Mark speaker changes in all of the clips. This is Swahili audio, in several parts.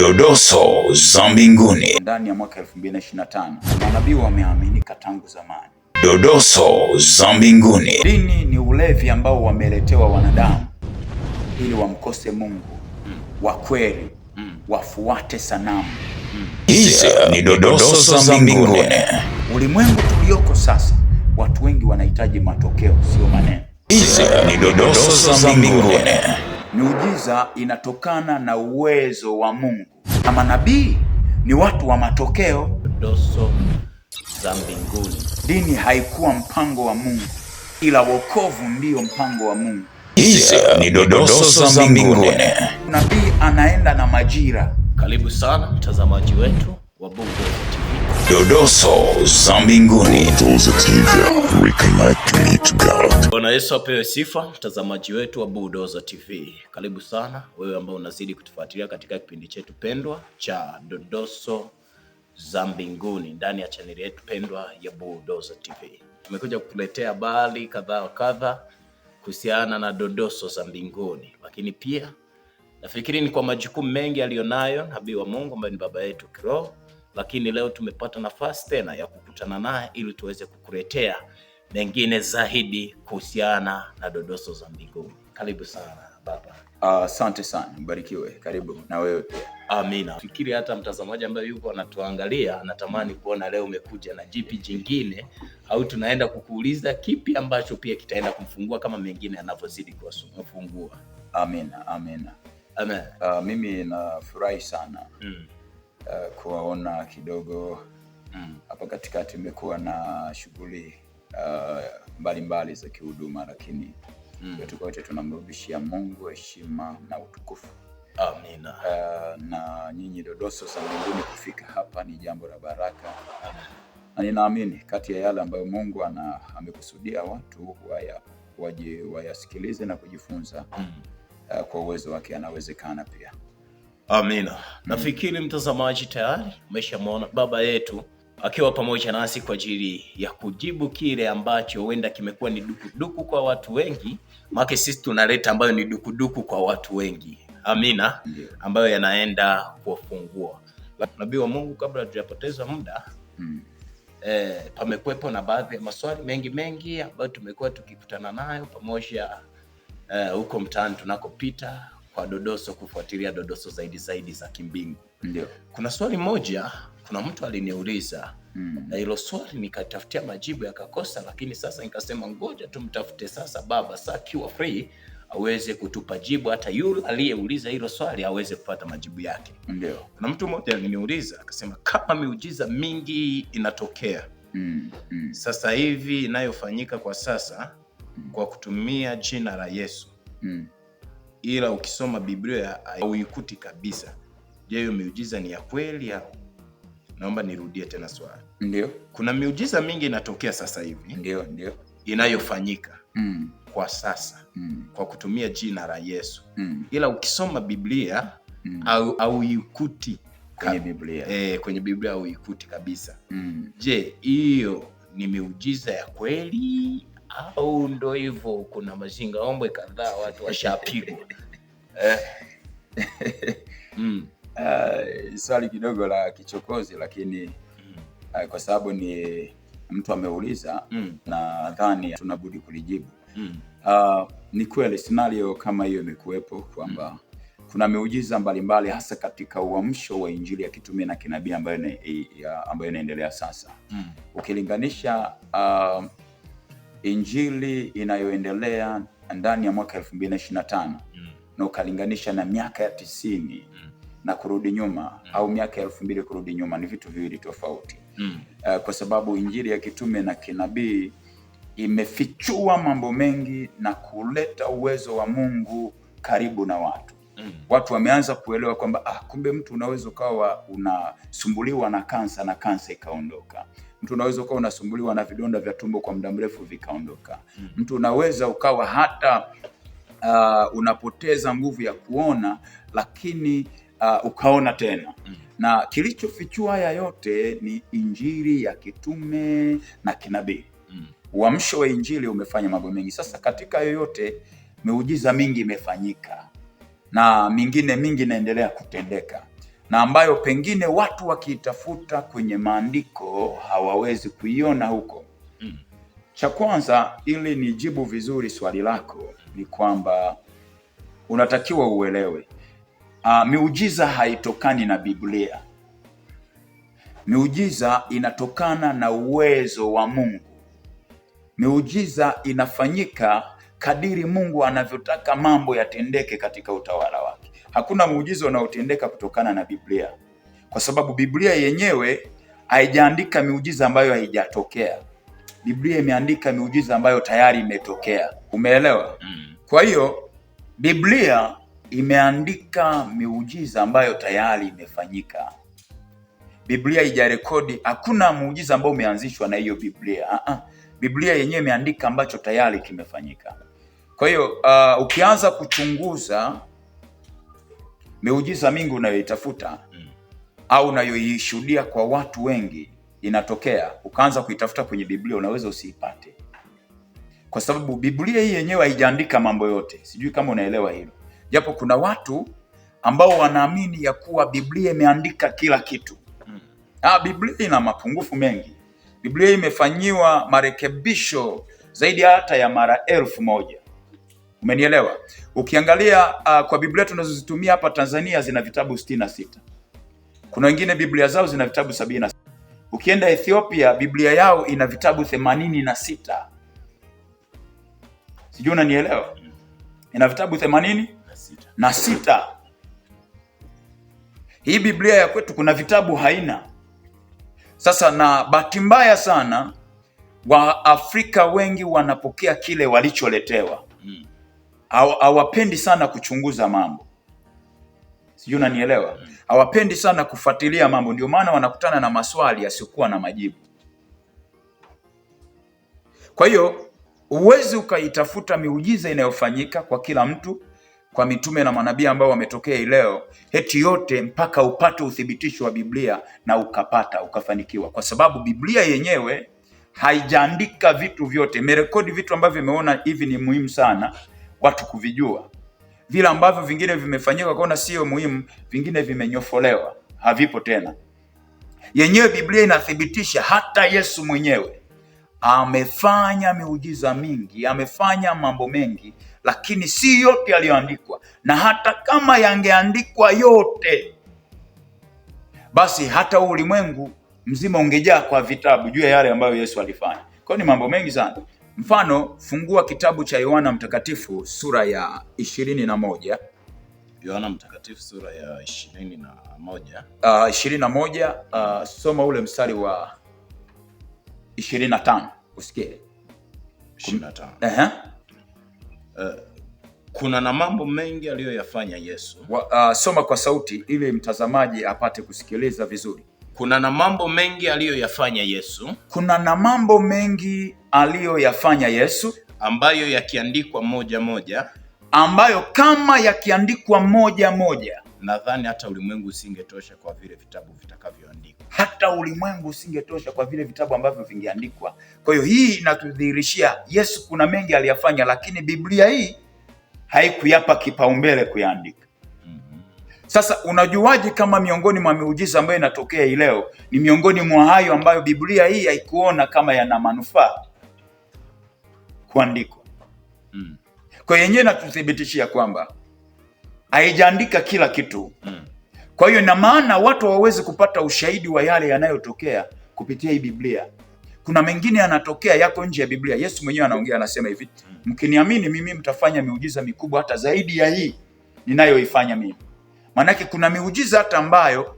Speaker 1: Dodoso za mbinguni ndani ya mwaka 2025. Manabii wameaminika tangu zamani. Dodoso za mbinguni. Dini ni ulevi ambao wameletewa wanadamu ili wamkose Mungu hmm. wa kweli, hmm. wafuate sanamu. Hmm. Hizi ni dodoso za mbinguni. Ulimwengu tulioko sasa, watu wengi wanahitaji matokeo, sio maneno. Hizi ni dodoso za mbinguni. Miujiza inatokana na uwezo wa Mungu na manabii ni watu wa matokeo, doso za mbinguni. Dini haikuwa mpango wa Mungu, ila wokovu ndio mpango wa Mungu. Hizi ni dodoso za mbinguni. Nabii anaenda na majira. Karibu sana mtazamaji wetu wa Bongo Dodoso za mbinguni. Bwana Yesu apewe sifa, mtazamaji wetu wa Budoza TV, karibu sana wewe ambao unazidi kutufuatilia katika kipindi chetu pendwa cha Dodoso za mbinguni ndani ya chaneli yetu pendwa ya Budoza TV. Tumekuja kukuletea habari kadha wa kadha kuhusiana na dodoso za mbinguni, lakini pia nafikiri ni kwa majukumu mengi aliyonayo nabii wa Mungu ambaye ni baba yetu kiroho lakini leo tumepata nafasi tena ya kukutana naye ili tuweze kukuletea mengine zaidi kuhusiana na dodoso za mbinguni. Karibu sana baba.
Speaker 2: Asante uh, sana, mbarikiwe. Karibu na wewe pia.
Speaker 1: Amina. Fikiri hata mtazamaji ambaye yuko anatuangalia anatamani kuona leo umekuja na jipi jingine, au tunaenda kukuuliza kipi ambacho pia kitaenda kumfungua kama mengine yanavyozidi kuwafungua.
Speaker 2: Amina, amina, amen. Uh, mimi nafurahi sana mm uh, kuwaona kidogo mm. hapa mm. Katikati imekuwa na shughuli uh, mbalimbali za kihuduma, lakini mm. Tuko tunamrudishia Mungu heshima na utukufu. Amina. Uh, na nyinyi dodoso za mbinguni kufika hapa ni jambo la baraka. Amen. Na ninaamini kati ya yale ambayo Mungu ana amekusudia watu waya wayasikilize na kujifunza mm. uh, kwa uwezo wake anawezekana pia
Speaker 1: Amina. Mm. Nafikiri mtazamaji, tayari umeshamwona baba yetu akiwa pamoja nasi kwa ajili ya kujibu kile ambacho huenda kimekuwa ni dukuduku kwa watu wengi, maana sisi tunaleta ambayo ni dukuduku kwa watu wengi. Amina, ambayo yanaenda kuwafungua nabii wa Mungu. Kabla tujapoteza muda hmm. Eh, pamekuwepo na baadhi ya maswali mengi mengi ambayo tumekuwa tukikutana nayo pamoja eh, huko eh, mtaani tunakopita kwa Dodoso kufuatilia Dodoso zaidi zaidi za Kimbingu. Ndio. Kuna swali moja, kuna mtu aliniuliza mm. na hilo swali nikatafutia majibu yakakosa, lakini sasa nikasema ngoja tumtafute sasa baba saa kiwa free aweze kutupa jibu, hata yule aliyeuliza hilo swali aweze kupata majibu yake. Ndio. Kuna mtu mmoja aliniuliza akasema, kama miujiza mingi inatokea
Speaker 2: mm. Mm.
Speaker 1: sasa hivi inayofanyika kwa sasa mm. kwa kutumia jina la Yesu mm ila ukisoma Biblia hauikuti kabisa. Je, hiyo miujiza ni ya kweli au? Naomba nirudie tena swali. Ndio, kuna miujiza mingi inatokea sasa hivi, ndio ndio, inayofanyika mm. kwa sasa mm. kwa kutumia jina la Yesu mm. ila ukisoma Biblia mm. au hauikuti
Speaker 2: kwenye Biblia,
Speaker 1: eh, kwenye Biblia hauikuti kabisa mm. Je, hiyo ni miujiza ya kweli au ndo hivo Kuna ombwe kadhaa watu washapigwa eh?
Speaker 2: mm. Uh, swali kidogo la kichokozi lakini mm. uh, kwa sababu ni mtu ameuliza mm. nadhani tunabudi kulijibu mm. uh, ni kweli sinario kama hiyo imekuwepo kwamba mm. kuna miujiza mbalimbali hasa katika uamsho wa Injili ya kitumia na kinabii ambayo inaendelea sasa mm. ukilinganisha uh, injili inayoendelea ndani ya mwaka elfu mm. na ukalinganisha na miaka ya tisini mm. na kurudi nyuma mm. au miaka ya elfu mbili kurudi nyuma ni vitu viwili tofauti mm. uh, kwa sababu injili ya kitume na kinabii imefichua mambo mengi na kuleta uwezo wa Mungu karibu na watu mm. Watu wameanza kuelewa kwamba ah, kumbe mtu unaweza ukawa unasumbuliwa na kansa na kansa ikaondoka Mtu unaweza ukawa unasumbuliwa na vidonda vya tumbo kwa muda mrefu vikaondoka. Mm. Mtu unaweza ukawa hata uh, unapoteza nguvu ya kuona lakini uh, ukaona tena mm. na kilichofichua haya yote ni Injili ya kitume na kinabii. Mm. Uamsho wa Injili umefanya mambo mengi. Sasa katika yoyote, miujiza mingi imefanyika na mingine mingi inaendelea kutendeka na ambayo pengine watu wakiitafuta kwenye maandiko hawawezi kuiona huko. Mm. Cha kwanza ili nijibu vizuri swali lako ni kwamba unatakiwa uelewe, ah, miujiza haitokani na Biblia. Miujiza inatokana na uwezo wa Mungu. Miujiza inafanyika kadiri Mungu anavyotaka mambo yatendeke katika utawala wake hakuna muujiza unaotendeka kutokana na Biblia, kwa sababu Biblia yenyewe haijaandika miujiza ambayo haijatokea. Biblia imeandika miujiza ambayo tayari imetokea. Umeelewa? Mm. Kwa hiyo Biblia imeandika miujiza ambayo tayari imefanyika. Biblia haijarekodi, hakuna muujiza ambao umeanzishwa na hiyo Biblia. Uh-uh. Biblia yenyewe imeandika ambacho tayari kimefanyika. Kwa hiyo uh, ukianza kuchunguza Miujiza mingi unayoitafuta mm. au unayoishuhudia kwa watu wengi inatokea, ukaanza kuitafuta kwenye Biblia, unaweza usiipate, kwa sababu Biblia hii yenyewe haijaandika mambo yote. Sijui kama unaelewa hilo, japo kuna watu ambao wanaamini ya kuwa Biblia imeandika kila kitu mm. Ah, Biblia ina mapungufu mengi. Biblia imefanyiwa marekebisho zaidi hata ya mara elfu moja Umenielewa? Ukiangalia uh, kwa Biblia tunazozitumia hapa Tanzania zina vitabu sitini na sita. Kuna wengine Biblia zao zina vitabu sabini na sita. Ukienda Ethiopia Biblia yao ina vitabu themanini na sita. Sijui unanielewa? Ina vitabu themanini na sita. Hii Biblia ya kwetu kuna vitabu haina. Sasa na bahati mbaya sana Waafrika wengi wanapokea kile walicholetewa. Hmm hawapendi sana kuchunguza mambo, sijui unanielewa, hawapendi sana kufuatilia mambo, ndio maana wanakutana na maswali yasiokuwa na majibu. Kwa hiyo huwezi ukaitafuta miujiza inayofanyika kwa kila mtu, kwa mitume na manabii ambao wametokea leo, heti yote mpaka upate uthibitisho wa Biblia na ukapata ukafanikiwa, kwa sababu Biblia yenyewe haijaandika vitu vyote, imerekodi vitu ambavyo imeona hivi ni muhimu sana watu kuvijua. Vile ambavyo vingine vimefanyika kwaona sio muhimu, vingine vimenyofolewa, havipo tena. Yenyewe Biblia inathibitisha hata Yesu mwenyewe amefanya miujiza mingi, amefanya mambo mengi, lakini si yote yaliyoandikwa, na hata kama yangeandikwa yote, basi hata ulimwengu mzima ungejaa kwa vitabu juu ya yale ambayo Yesu alifanya. Kwa hiyo ni mambo mengi sana. Mfano, fungua kitabu cha Yohana Mtakatifu sura ya ishirini na moja
Speaker 1: Yohana Mtakatifu sura ya ishirini na moja
Speaker 2: uh, ishirini na moja uh, soma ule mstari wa ishirini na tano usikie
Speaker 1: ishirini na tano uh, kuna na mambo mengi aliyoyafanya Yesu
Speaker 2: wa, uh, soma kwa sauti ili mtazamaji apate kusikiliza vizuri.
Speaker 1: Kuna na mambo mengi aliyoyafanya Yesu,
Speaker 2: kuna na mambo mengi aliyoyafanya Yesu
Speaker 1: ambayo yakiandikwa moja moja,
Speaker 2: ambayo kama yakiandikwa moja moja,
Speaker 1: nadhani hata ulimwengu usingetosha kwa vile vitabu vitakavyoandikwa,
Speaker 2: hata ulimwengu usingetosha kwa vile vitabu ambavyo vingeandikwa. Kwa hiyo hii inatudhihirishia Yesu kuna mengi aliyafanya, lakini Biblia hii haikuyapa kipaumbele kuyaandika. Sasa unajuaje kama miongoni mwa miujiza ambayo inatokea hii leo ni miongoni mwa hayo ambayo Biblia hii haikuona kama yana manufaa kuandikwa? Mm. Kwa hiyo yenyewe inatuthibitishia kwamba haijaandika kila kitu. Mm. Kwa hiyo ina maana watu hawawezi kupata ushahidi wa yale yanayotokea kupitia hii Biblia. Kuna mengine yanatokea yako nje ya Biblia. Yesu mwenyewe anaongea, anasema hivi, mm. mkiniamini mimi mtafanya miujiza mikubwa hata zaidi ya hii ninayoifanya mimi. Maanake kuna miujiza hata ambayo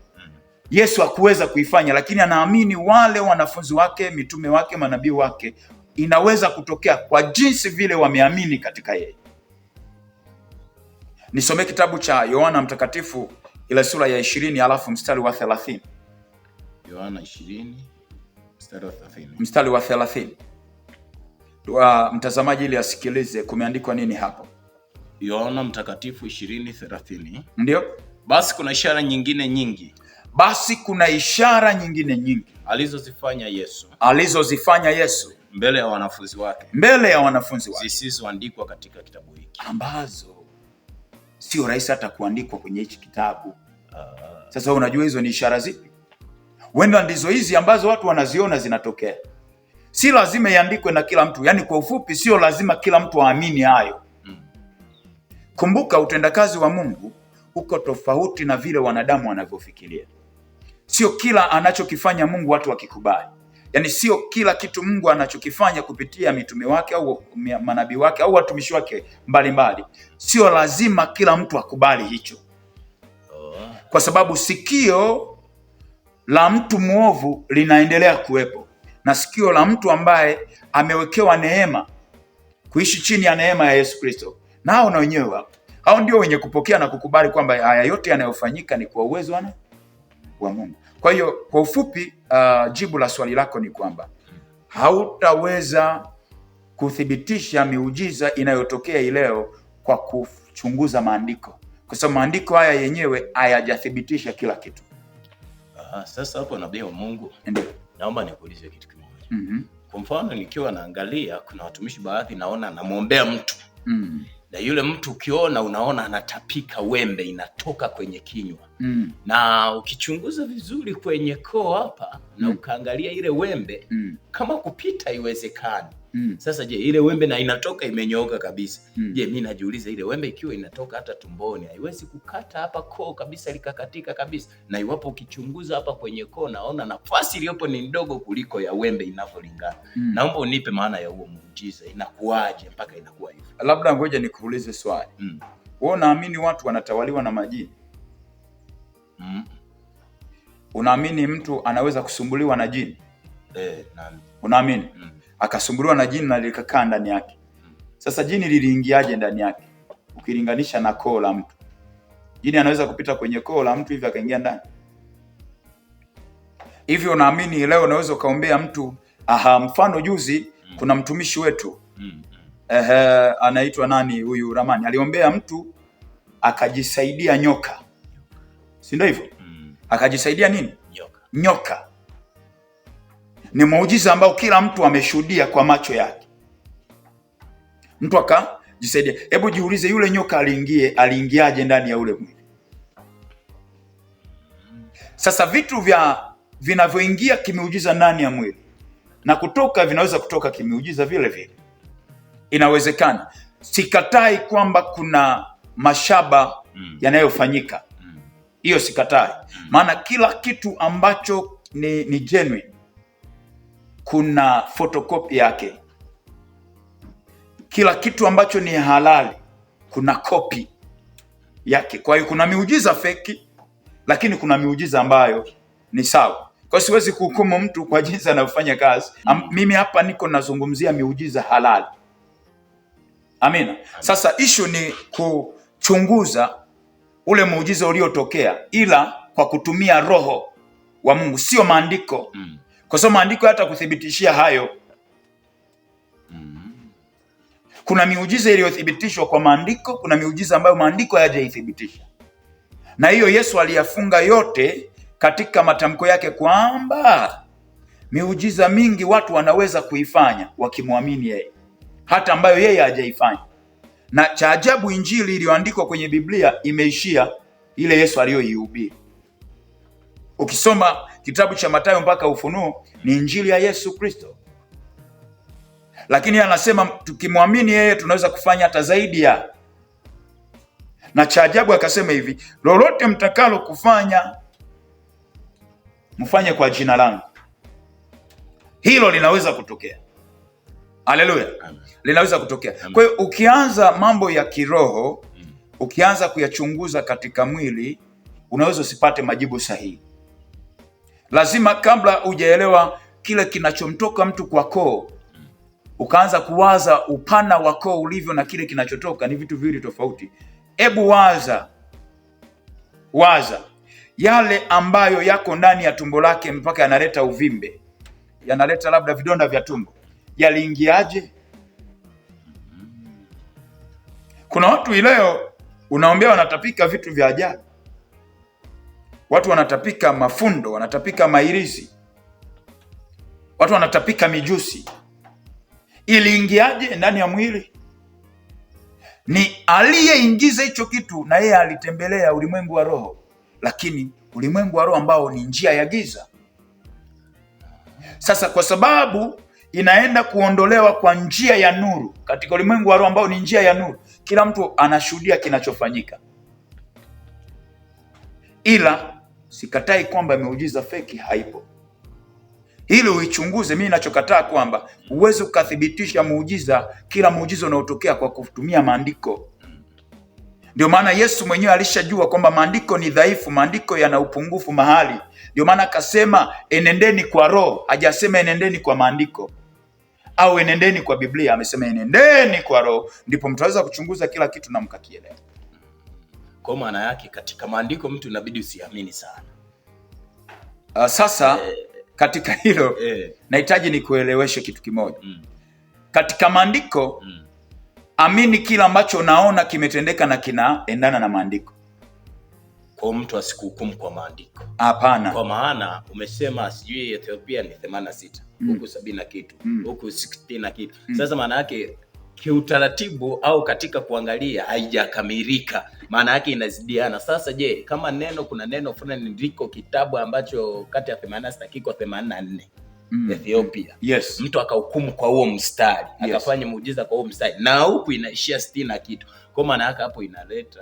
Speaker 2: Yesu hakuweza kuifanya, lakini anaamini wale wanafunzi wake, mitume wake, manabii wake, inaweza kutokea kwa jinsi vile wameamini katika yeye. Nisomee kitabu cha Yohana Mtakatifu ile sura ya ishirini alafu mstari wa thelathini.
Speaker 1: Yohana ishirini
Speaker 2: mstari wa thelathini. Mtazamaji ili asikilize kumeandikwa nini hapo.
Speaker 1: Yohana Mtakatifu 20:30. Ndio. Basi kuna ishara nyingine nyingi.
Speaker 2: Basi kuna ishara nyingine nyingi
Speaker 1: alizozifanya Yesu,
Speaker 2: alizozifanya Yesu
Speaker 1: mbele ya wanafunzi wake,
Speaker 2: mbele ya wanafunzi
Speaker 1: wake zisizoandikwa katika kitabu hiki,
Speaker 2: ambazo sio rahisi hata kuandikwa kwenye hichi kitabu. Uh, sasa unajua hizo ni ishara zipi? Wenda ndizo hizi ambazo watu wanaziona zinatokea. Si lazima iandikwe na kila mtu, yaani kwa ufupi, sio lazima kila mtu aamini hayo Kumbuka, utendakazi wa Mungu uko tofauti na vile wanadamu wanavyofikiria. Sio kila anachokifanya Mungu watu wakikubali, yaani sio kila kitu Mungu anachokifanya kupitia mitume wake au manabii wake au watumishi wake mbalimbali, sio lazima kila mtu akubali hicho, kwa sababu sikio la mtu mwovu linaendelea kuwepo na sikio la mtu ambaye amewekewa neema kuishi chini ya neema ya Yesu Kristo nao na wenyewe wapo. Hao ndio wenye kupokea na kukubali kwamba haya yote yanayofanyika ni kwa uwezo wa Mungu. Kwa hiyo kwa ufupi, uh, jibu la swali lako ni kwamba hautaweza kuthibitisha miujiza inayotokea ileo kwa kuchunguza maandiko, kwa sababu maandiko haya yenyewe hayajathibitisha kila kitu.
Speaker 1: Aha, sasa hapo nabii wa Mungu, naomba nikuulize kitu kimoja. mm -hmm. Kwa mfano nikiwa naangalia kuna watumishi baadhi naona anamwombea mtu mm -hmm na yule mtu ukiona, unaona anatapika, wembe inatoka kwenye kinywa mm. na ukichunguza vizuri kwenye koo hapa na mm. ukaangalia ile wembe mm. kama kupita iwezekani Mm. Sasa je, ile wembe na inatoka imenyooka kabisa. Mm. Je, mimi najiuliza ile wembe ikiwa inatoka hata tumboni haiwezi kukata hapa koo kabisa likakatika kabisa. Na iwapo ukichunguza hapa kwenye koo naona nafasi iliyopo ni ndogo kuliko ya wembe inavyolingana. Mm. Naomba unipe maana ya huo muujiza. inakuaje mpaka inakuwa hivyo?
Speaker 2: Labda ngoja nikuulize swali. Mm. Wewe unaamini watu wanatawaliwa na majini? Mm. Unaamini mtu anaweza kusumbuliwa na jini?
Speaker 1: Eh, naamini.
Speaker 2: Unaamini? Mm. Akasumbuliwa na jini na likakaa ndani yake. Mm. Sasa jini liliingiaje ndani yake? Ukilinganisha na koo la mtu. Jini anaweza kupita kwenye koo la mtu hivi akaingia ndani. Hivi unaamini leo unaweza ukaombea mtu? Aha, mfano juzi mm. kuna mtumishi wetu mm. ehe, anaitwa nani huyu Ramani? Aliombea mtu akajisaidia nyoka. mm si ndio hivyo? mm. akajisaidia nini? Nyoka. Nyoka ni muujiza ambao kila mtu ameshuhudia kwa macho yake, mtu akajisaidia. Hebu jiulize, yule nyoka aliingie, aliingiaje ndani ya ule mwili? Sasa vitu vya vinavyoingia kimeujiza ndani ya mwili na kutoka vinaweza kutoka kimeujiza vile vile, inawezekana. Sikatai kwamba kuna mashaba mm. yanayofanyika hiyo sikatai, hmm. maana kila kitu ambacho ni, ni genuine kuna photocopy yake. Kila kitu ambacho ni halali kuna kopi yake. Kwa hiyo kuna miujiza feki, lakini kuna miujiza ambayo ni sawa. Kwa hiyo siwezi kuhukumu mtu kwa jinsi anavyofanya kazi. Am, hmm. mimi hapa niko nazungumzia miujiza halali. Amina. Sasa ishu ni kuchunguza ule muujiza uliotokea, ila kwa kutumia roho wa Mungu, sio maandiko mm. kwa sababu maandiko hata kuthibitishia hayo mm. kuna miujiza iliyothibitishwa kwa maandiko, kuna miujiza ambayo maandiko hayajaithibitisha, na hiyo Yesu aliyafunga yote katika matamko yake kwamba miujiza mingi watu wanaweza kuifanya wakimwamini yeye, hata ambayo yeye hajaifanya na cha ajabu, injili iliyoandikwa kwenye Biblia imeishia ile Yesu aliyoihubiri. Ukisoma kitabu cha Mathayo mpaka Ufunuo ni injili ya Yesu Kristo, lakini anasema tukimwamini yeye tunaweza kufanya hata zaidi ya na cha ajabu akasema hivi, lolote mtakalo kufanya mfanye kwa jina langu. Hilo linaweza kutokea. Haleluya, linaweza kutokea. Kwa hiyo ukianza mambo ya kiroho, mm. ukianza kuyachunguza katika mwili, unaweza usipate majibu sahihi. Lazima kabla hujaelewa kile kinachomtoka mtu kwa koo, ukaanza kuwaza upana wa koo ulivyo na kile kinachotoka, ni vitu viwili tofauti. Hebu waza waza yale ambayo yako ndani ya tumbo lake mpaka yanaleta uvimbe, yanaleta labda vidonda vya tumbo yaliingiaje? Kuna watu ileo unaombea wanatapika vitu vya ajabu, watu wanatapika mafundo, wanatapika mairizi, watu wanatapika mijusi. Iliingiaje ndani ya mwili? Ni aliyeingiza hicho kitu, na yeye alitembelea ulimwengu wa roho, lakini ulimwengu wa roho ambao ni njia ya giza. Sasa kwa sababu inaenda kuondolewa kwa njia ya nuru katika ulimwengu wa roho ambao ni njia ya nuru. Kila mtu anashuhudia kinachofanyika, ila sikatai kwamba miujiza feki haipo. Hili uichunguze. Mimi ninachokataa kwamba huwezi ukathibitisha muujiza, kila muujiza unaotokea kwa kutumia maandiko. Ndio maana Yesu mwenyewe alishajua kwamba maandiko ni dhaifu, maandiko yana upungufu mahali. Ndio maana akasema enendeni kwa Roho, hajasema enendeni kwa maandiko au enendeni kwa Biblia. Amesema enendeni kwa Roho, ndipo mtaweza kuchunguza kila kitu na mkakielewa.
Speaker 1: Kwa maana yake katika maandiko mtu inabidi usiamini sana.
Speaker 2: Uh, sasa eh, eh, katika hilo eh, nahitaji nikueleweshe kitu kimoja mm. Katika maandiko mm. Amini kila ambacho unaona kimetendeka na kinaendana na maandiko
Speaker 1: kwa mtu asikuhukumu kwa maandiko. Hapana, kwa maana umesema sijui Ethiopia ni 86 mm. huku 70 na kitu mm. huku 60 na kitu. mm. Sasa maana yake kiutaratibu au katika kuangalia haijakamilika, maana yake inazidiana. Sasa je, kama neno kuna neno fulani ndiko kitabu ambacho kati ya 86 kiko 84 Mm. Ethiopia. Yes. Mtu akahukumu kwa huo mstari yes. akafanya muujiza kwa huo mstari na huku inaishia sitini na kitu, kwa maana yake hapo inaleta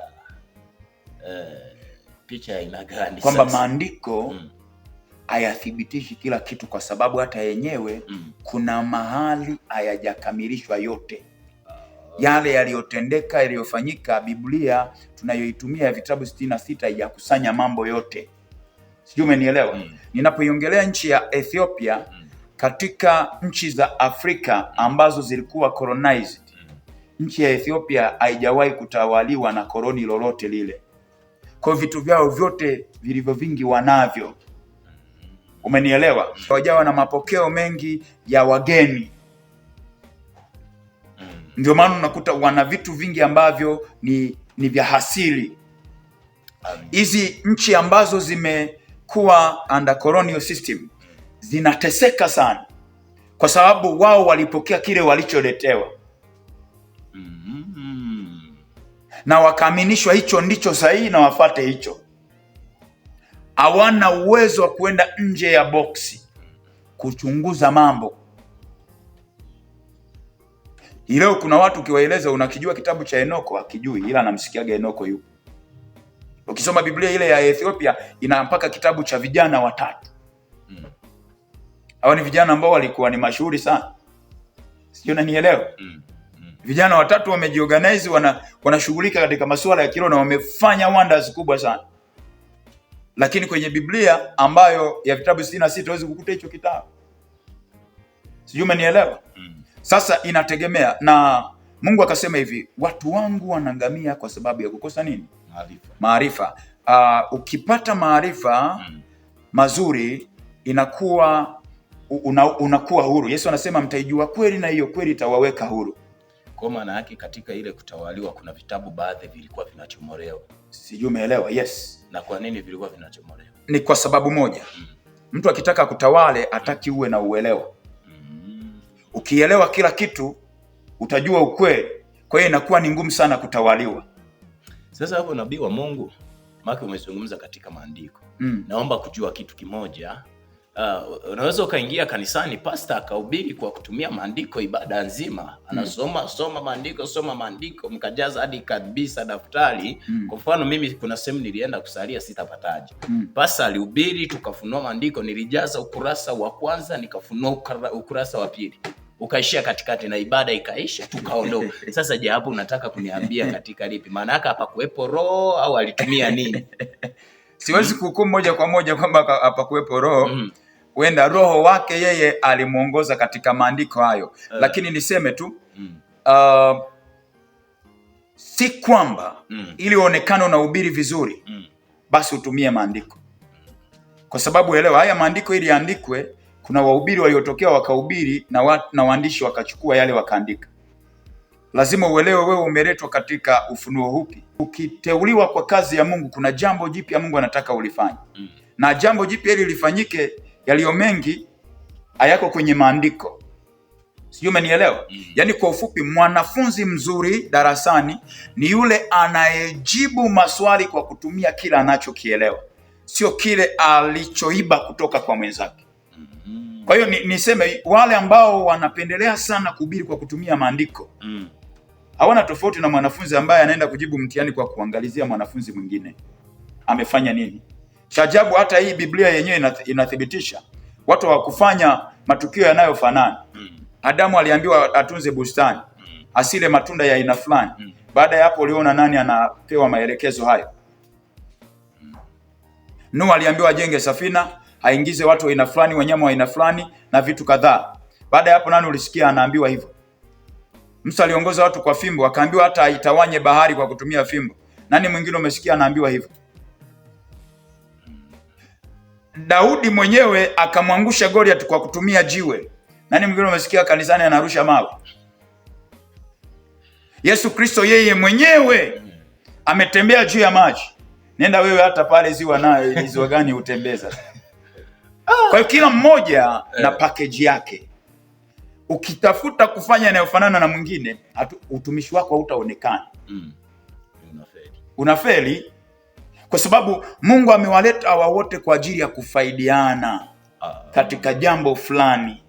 Speaker 1: eh, picha ya aina gani,
Speaker 2: kwamba maandiko mm hayathibitishi kila kitu kwa sababu hata yenyewe mm. kuna mahali hayajakamilishwa yote yale yaliyotendeka yaliyofanyika. Biblia tunayoitumia ya vitabu sitini na sita yakusanya mambo yote, sijui umenielewa mm. Ninapoiongelea nchi ya Ethiopia mm. katika nchi za Afrika ambazo zilikuwa colonized mm. nchi ya Ethiopia haijawahi kutawaliwa na koloni lolote lile kwa vitu vyao vyote vilivyo vingi wanavyo. Umenielewa? Mm. Wajawa na mapokeo mengi ya wageni, mm. ndio maana unakuta wana vitu vingi ambavyo ni, ni vya hasili. Hizi nchi ambazo zimekuwa under colonial system mm. zinateseka sana, kwa sababu wao walipokea kile walicholetewa.
Speaker 1: Mm-hmm
Speaker 2: na wakaaminishwa hicho ndicho sahihi na wafate hicho. Hawana uwezo wa kuenda nje ya boksi kuchunguza mambo. Leo kuna watu ukiwaeleza, unakijua kitabu cha Enoko? Akijui, ila anamsikiaga Enoko yupo. Ukisoma Biblia ile ya Ethiopia ina mpaka kitabu cha vijana watatu. Mm. Hawa ni vijana ambao walikuwa ni mashuhuri sana, sijui unanielewa? mm. Vijana watatu wamejiorganize, wana wanashughulika katika masuala ya kiroho na wamefanya wonders kubwa sana. Lakini kwenye Biblia ambayo ya vitabu 66 hawezi kukuta hicho kitabu. Sijui umenielewa? Mm. Sasa inategemea na Mungu akasema hivi, watu wangu wanangamia kwa sababu ya kukosa nini? Maarifa. Uh, ukipata maarifa mm. mazuri inakuwa unakuwa una huru. Yesu anasema mtaijua kweli na hiyo kweli itawaweka huru.
Speaker 1: Kwa maana yake katika ile kutawaliwa kuna vitabu baadhi vilikuwa vinachomolewa,
Speaker 2: sijui umeelewa? Yes.
Speaker 1: Na kwa nini vilikuwa vinachomolewa?
Speaker 2: Ni kwa sababu moja, mm. mtu akitaka kutawale ataki uwe na uelewa mm. Ukielewa kila kitu utajua ukweli, kwa hiyo inakuwa ni ngumu sana kutawaliwa.
Speaker 1: Sasa hapo nabii wa Mungu maki umezungumza katika maandiko mm. naomba kujua kitu kimoja Uh, unaweza ukaingia kanisani pasta akahubiri kwa kutumia maandiko ibada nzima, anasoma mm. soma maandiko soma maandiko, mkajaza hadi kabisa daftari mm. Kwa mfano mimi kuna sehemu nilienda kusalia sitapataje mm. Pasta alihubiri tukafunua maandiko, nilijaza ukurasa wa kwanza nikafunua ukurasa wa pili ukaishia katikati na ibada ikaisha, tukaondoka. Sasa je, hapo unataka kuniambia katika lipi? Maana yake hapakuwepo roho au alitumia nini?
Speaker 2: Siwezi kuhukumu moja kwa moja kwamba hapakuwepo roho mm huenda roho wake yeye alimwongoza katika maandiko hayo uh, Lakini niseme tu mm. uh, si kwamba mm. ili uonekane unahubiri vizuri mm. basi utumie maandiko, kwa sababu elewa, haya maandiko ili yaandikwe, kuna wahubiri waliotokea wakahubiri na, wa, na waandishi wakachukua yale wakaandika. Lazima uelewe wewe umeletwa katika ufunuo hupi. Ukiteuliwa kwa kazi ya Mungu, kuna jambo jipya Mungu anataka ulifanye mm. na jambo jipya ili lifanyike yaliyo mengi hayako kwenye maandiko. Sijui umenielewa? mm -hmm. Yaani kwa ufupi, mwanafunzi mzuri darasani ni yule anayejibu maswali kwa kutumia kile anachokielewa, sio kile alichoiba kutoka kwa mwenzake. mm Kwa hiyo ni, niseme wale ambao wanapendelea sana kuhubiri kwa kutumia maandiko mm hawana tofauti na mwanafunzi ambaye anaenda kujibu mtihani kwa kuangalizia mwanafunzi mwingine amefanya nini cha ajabu hata hii Biblia yenyewe inathibitisha watu hawakufanya matukio yanayofanana. Mm. Adamu aliambiwa atunze bustani, mm. asile matunda ya aina fulani. Mm. Baada ya hapo, uliona nani anapewa maelekezo hayo? Nuhu aliambiwa ajenge safina, aingize watu wa aina fulani, wanyama wa aina fulani na vitu kadhaa. Baada ya hapo, nani ulisikia anaambiwa hivyo? Musa aliongoza watu kwa fimbo, akaambiwa hata aitawanye bahari kwa kutumia fimbo. Nani mwingine umesikia anaambiwa hivyo? Daudi mwenyewe akamwangusha Goliath kwa kutumia jiwe. Nani mwingine umesikia kanisani anarusha mawe? Yesu Kristo yeye mwenyewe ametembea juu ya maji. Nenda wewe hata pale ziwa, nayo ziwa gani utembeza? Kwa hiyo kila mmoja na eh. package yake. Ukitafuta kufanya yanayofanana na mwingine, utumishi wako hautaonekana.
Speaker 1: Mm. Unafeli.
Speaker 2: Unafeli kwa sababu Mungu amewaleta hawa wote kwa ajili ya kufaidiana ah. katika jambo fulani.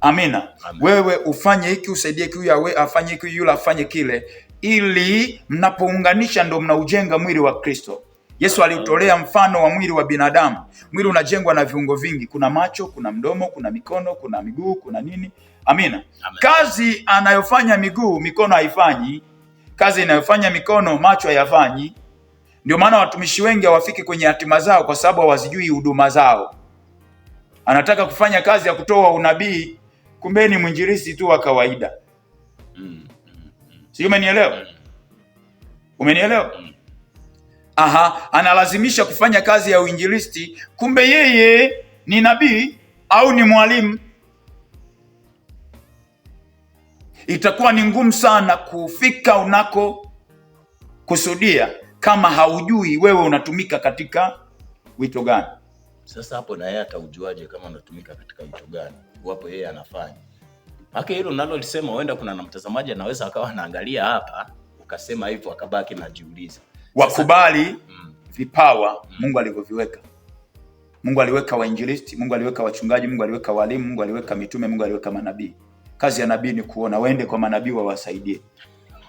Speaker 2: Amina. Amen. Wewe ufanye hiki usaidie hiki, yawe afanye hiki, yule afanye kile, ili mnapounganisha ndo mnaujenga mwili wa Kristo. Yesu aliutolea mfano wa mwili wa binadamu. Mwili unajengwa na viungo vingi, kuna macho, kuna mdomo, kuna mikono, kuna miguu, kuna nini. Amina. Amen. Kazi anayofanya miguu, mikono haifanyi. Kazi inayofanya mikono, macho hayafanyi. Ndio maana watumishi wengi hawafiki kwenye hatima zao kwa sababu hawazijui huduma zao. Anataka kufanya kazi ya kutoa unabii, kumbe ni mwinjilisti tu wa kawaida. Mm, mm, mm. Sijui umenielewa? Umenielewa? Aha, analazimisha kufanya kazi ya uinjilisti, kumbe yeye ni nabii au ni mwalimu. Itakuwa ni ngumu sana kufika unako kusudia kama haujui wewe unatumika katika wito gani.
Speaker 1: Sasa hapo na yeye ataujuaje kama unatumika katika wito gani iwapo yeye anafanya? Maana hilo nalolisema, huenda kuna na mtazamaji anaweza akawa anaangalia hapa ukasema hivyo akabaki najiuliza.
Speaker 2: Wakubali mm. vipawa mm, Mungu alivyoviweka. Mungu aliweka wainjilisti, Mungu aliweka wachungaji, Mungu aliweka walimu, Mungu aliweka mitume, Mungu aliweka manabii. Kazi ya nabii ni kuona, waende kwa manabii wawasaidie.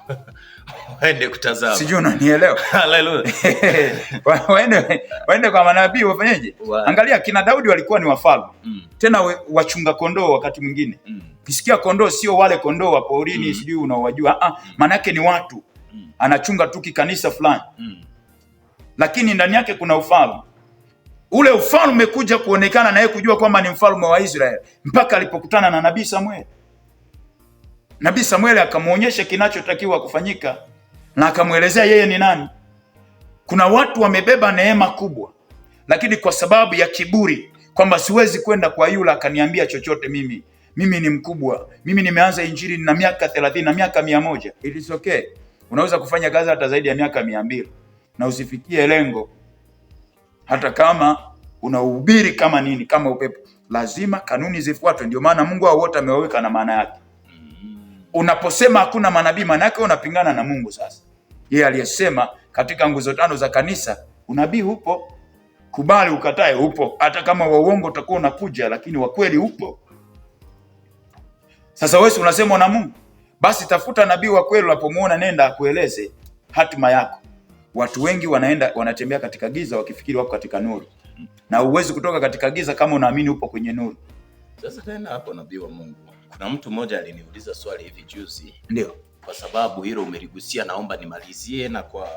Speaker 1: waende kutazama,
Speaker 2: sijui kwa manabii wafanyeje? Angalia kina Daudi walikuwa ni wafalme mm. tena wachunga kondoo wakati mwingine mm. kisikia kondoo sio wale kondoo wa porini mm. sijui unaowajua ah, ah. Mm. maanake ni watu mm. anachunga tu kikanisa fulani mm. lakini ndani yake kuna ufalme ule ufalme kuja kuonekana naye kujua kwamba ni mfalme wa israel mpaka alipokutana na nabii Samueli. Nabii Samueli akamwonyesha kinachotakiwa kufanyika na akamwelezea yeye ni nani. Kuna watu wamebeba neema kubwa, lakini kwa sababu ya kiburi kwamba siwezi kwenda kwa yule akaniambia chochote mimi, mimi ni mkubwa, mimi nimeanza injili na miaka thelathini na miaka mia moja It is okay. Unaweza kufanya kazi hata zaidi ya miaka mia mbili na usifikie lengo, hata kama unahubiri kama nini, kama upepo. Lazima kanuni zifuatwe, ndio maana Mungu hao wote amewaweka na maana yake. Unaposema hakuna manabii, maana yake unapingana na Mungu. Sasa yeye aliyesema katika nguzo tano za kanisa unabii upo, kubali ukatae upo, hata kama wa uongo utakuwa unakuja, lakini wa kweli upo. Sasa wewe unasema na Mungu, basi tafuta nabii wa kweli, unapomuona nenda akueleze hatima yako. Watu wengi wanaenda wanatembea katika giza wakifikiri wako katika nuru, na uwezi kutoka katika giza kama unaamini upo kwenye nuru.
Speaker 1: Sasa tena hapo nabii wa Mungu kuna mtu mmoja aliniuliza swali hivi juzi. Ndio. Kwa sababu hilo umeligusia, naomba nimalizie na kwa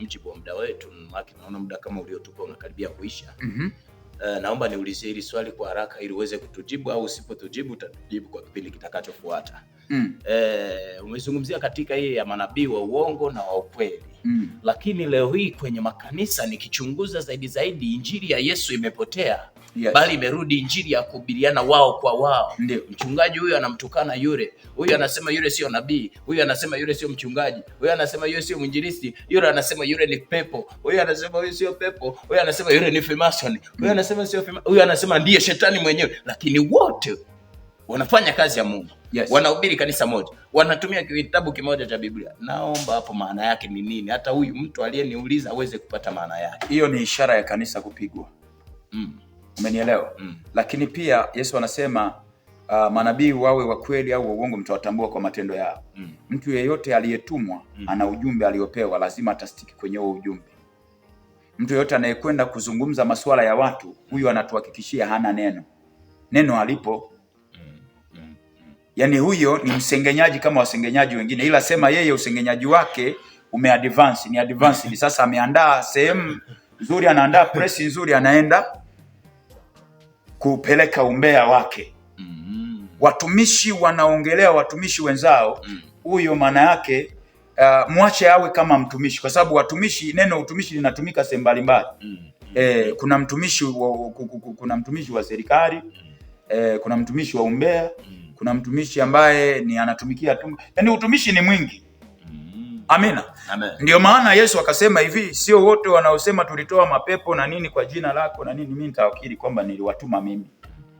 Speaker 1: mjibu wa muda wetu, maana naona muda kama uliotupa unakaribia kuisha. mm -hmm. Uh, naomba niulizie hili swali kwa haraka ili uweze kutujibu au usipotujibu utatujibu kwa kipindi kitakachofuata. mm. Uh, umezungumzia katika hii ya manabii wa uongo na wa ukweli. mm. Lakini leo hii kwenye makanisa nikichunguza zaidi zaidi, injili ya Yesu imepotea yes. Bali imerudi injili ya kuhubiriana wao kwa wao.
Speaker 2: Ndio. Mchungaji huyu anamtukana yule, huyu anasema yule sio nabii, huyu anasema yule sio mchungaji, huyu anasema yule sio mwinjilisti, yule anasema yule ni pepo, huyu anasema huyu sio pepo, huyu anasema yule ni Freemason, huyu anasema sio huyu anasema ndiye shetani mwenyewe, lakini wote wanafanya kazi ya Mungu. Yes. Wanahubiri kanisa moja, wanatumia kitabu kimoja cha Biblia. Naomba hapo maana yake ni nini? Hata huyu mtu aliyeniuliza aweze kupata maana yake. Hiyo ni ishara ya kanisa kupigwa. mm. Umenielewa? mm. Lakini pia Yesu anasema uh, manabii wawe wa kweli au wa uongo, mtawatambua kwa matendo yao. mm. Mtu yeyote aliyetumwa mm. ana ujumbe aliyopewa lazima atastiki kwenye huo ujumbe. Mtu yeyote anayekwenda kuzungumza masuala ya watu, mm. huyu anatuhakikishia hana neno, neno alipo mm. mm. Yaani huyo ni msengenyaji kama wasengenyaji wengine, ila sema yeye usengenyaji wake advance, ni advance, ni sasa ameandaa sehemu nzuri, anaandaa press nzuri, anaenda kupeleka umbea wake mm. Watumishi wanaongelea watumishi wenzao mm. huyo mm. maana yake uh, mwache awe kama mtumishi, kwa sababu watumishi, neno utumishi linatumika sehemu mbalimbali mm. E, kuna mtumishi wa, kuna mtumishi wa serikali mm. e, kuna mtumishi wa umbea mm. kuna mtumishi ambaye ni anatumikia tu, yaani utumishi ni mwingi Amina. Amen. Ndio maana Yesu akasema hivi, sio wote wanaosema tulitoa mapepo na nini kwa jina lako na nini, mimi nitawakiri kwamba niliwatuma mimi.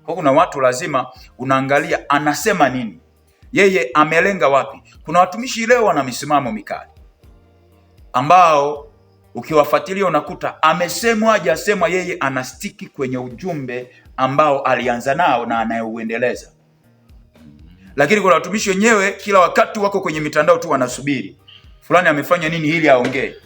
Speaker 2: Kwa kuna watu lazima unaangalia anasema nini, yeye amelenga wapi. Kuna watumishi leo wana misimamo mikali ambao ukiwafuatilia unakuta amesemwa hajasemwa, yeye anastiki kwenye ujumbe ambao alianza nao na anayeuendeleza. Lakini kuna watumishi wenyewe kila wakati wako kwenye mitandao tu wanasubiri fulani amefanya nini ili aongee.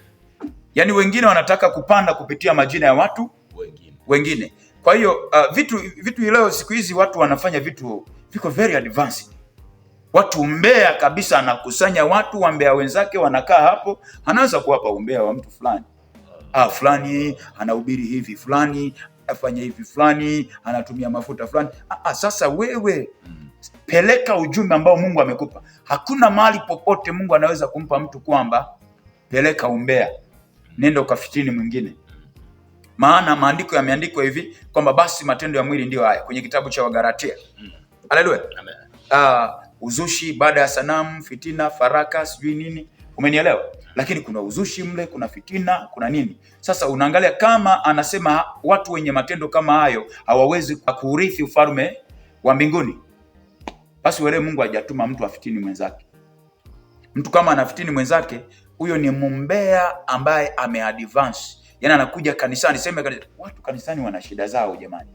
Speaker 2: Yaani wengine wanataka kupanda kupitia majina ya watu wengine, wengine. Kwa hiyo uh, vitu vitu leo siku hizi watu wanafanya vitu viko very advanced. Watu mbea kabisa, anakusanya watu wambea wenzake, wanakaa hapo, anaanza kuwapa umbea wa mtu fulani. Ah, ah fulani anahubiri hivi, fulani afanya hivi, fulani anatumia mafuta fulani. Ah, ah, sasa wewe mm peleka ujumbe ambao Mungu amekupa. Hakuna mahali popote Mungu anaweza kumpa mtu kwamba peleka umbea, nenda ukafitini mwingine, maana maandiko yameandikwa hivi kwamba basi matendo ya mwili ndio haya, kwenye kitabu cha Wagalatia. Mm. Haleluya. Uh, ah, uzushi, baada ya sanamu, fitina, faraka, sijui nini, umenielewa? Lakini kuna uzushi mle, kuna fitina, kuna nini. Sasa unaangalia kama anasema watu wenye matendo kama hayo hawawezi kuurithi ufalme wa mbinguni. Basi wewe Mungu hajatuma mtu afitini mwenzake. Mtu kama anafitini mwenzake, huyo ni mumbea ambaye ameadvance, yaani anakuja kanisani. Sema kanisa, watu kanisani wana shida zao jamani.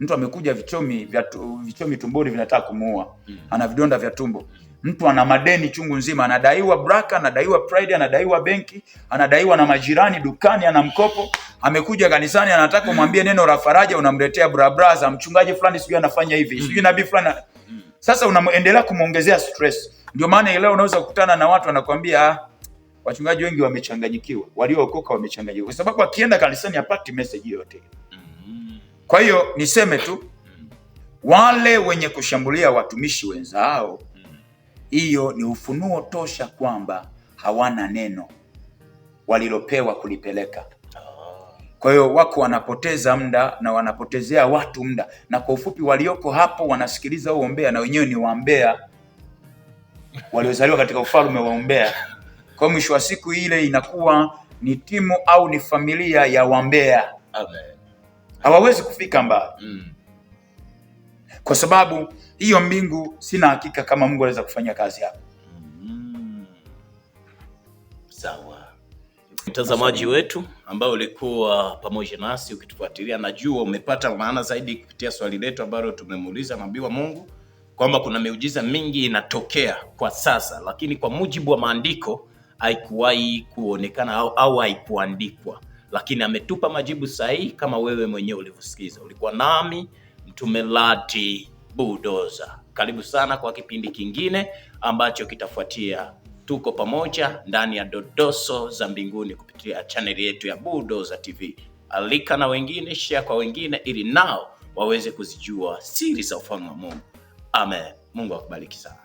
Speaker 2: Mtu amekuja vichomi vya vichomi tumboni vinataka kumuua, hmm. ana vidonda vya tumbo. Mtu ana madeni chungu nzima, anadaiwa braka, anadaiwa pride, anadaiwa benki, anadaiwa na majirani dukani, ana mkopo. Amekuja kanisani, anataka kumwambia neno la faraja, unamletea brabra za mchungaji fulani, sijui anafanya hivi, sijui hmm. nabii fulani sasa unaendelea kumwongezea stress. Ndio maana leo unaweza kukutana na watu wanakuambia ah, wachungaji wengi wamechanganyikiwa, waliookoka wamechanganyikiwa, kwa sababu akienda kanisani hapati message yote. Mm-hmm. Kwa hiyo niseme tu mm-hmm. wale wenye kushambulia watumishi wenzao, mm-hmm. hiyo ni ufunuo tosha kwamba hawana neno walilopewa kulipeleka. Kwa hiyo wako wanapoteza muda na wanapotezea watu muda, na kwa ufupi, walioko hapo wanasikiliza uombea na wenyewe ni waombea waliozaliwa katika ufalme wa umbea. Kwa mwisho wa siku ile inakuwa ni timu au ni familia ya wambea hawawezi kufika mbali mm. Kwa sababu hiyo mbingu, sina hakika kama Mungu anaweza kufanya kazi hapo mm. Sawa mtazamaji wetu ambao ulikuwa pamoja nasi ukitufuatilia, najua umepata maana zaidi kupitia swali letu ambalo tumemuuliza nabii wa Mungu kwamba kuna miujiza mingi inatokea kwa sasa, lakini kwa mujibu wa maandiko haikuwahi kuonekana au, au haikuandikwa, lakini ametupa majibu sahihi kama wewe mwenyewe ulivyosikiza. Ulikuwa nami Mtume Lati Budoza. Karibu sana kwa kipindi kingine ambacho kitafuatia tuko pamoja ndani ya Dodoso za Mbinguni kupitia chaneli yetu ya za TV. Alika na wengine, share kwa wengine, ili nao waweze kuzijua siri za ufalme wa Mungu. Amen. Mungu akubariki sana.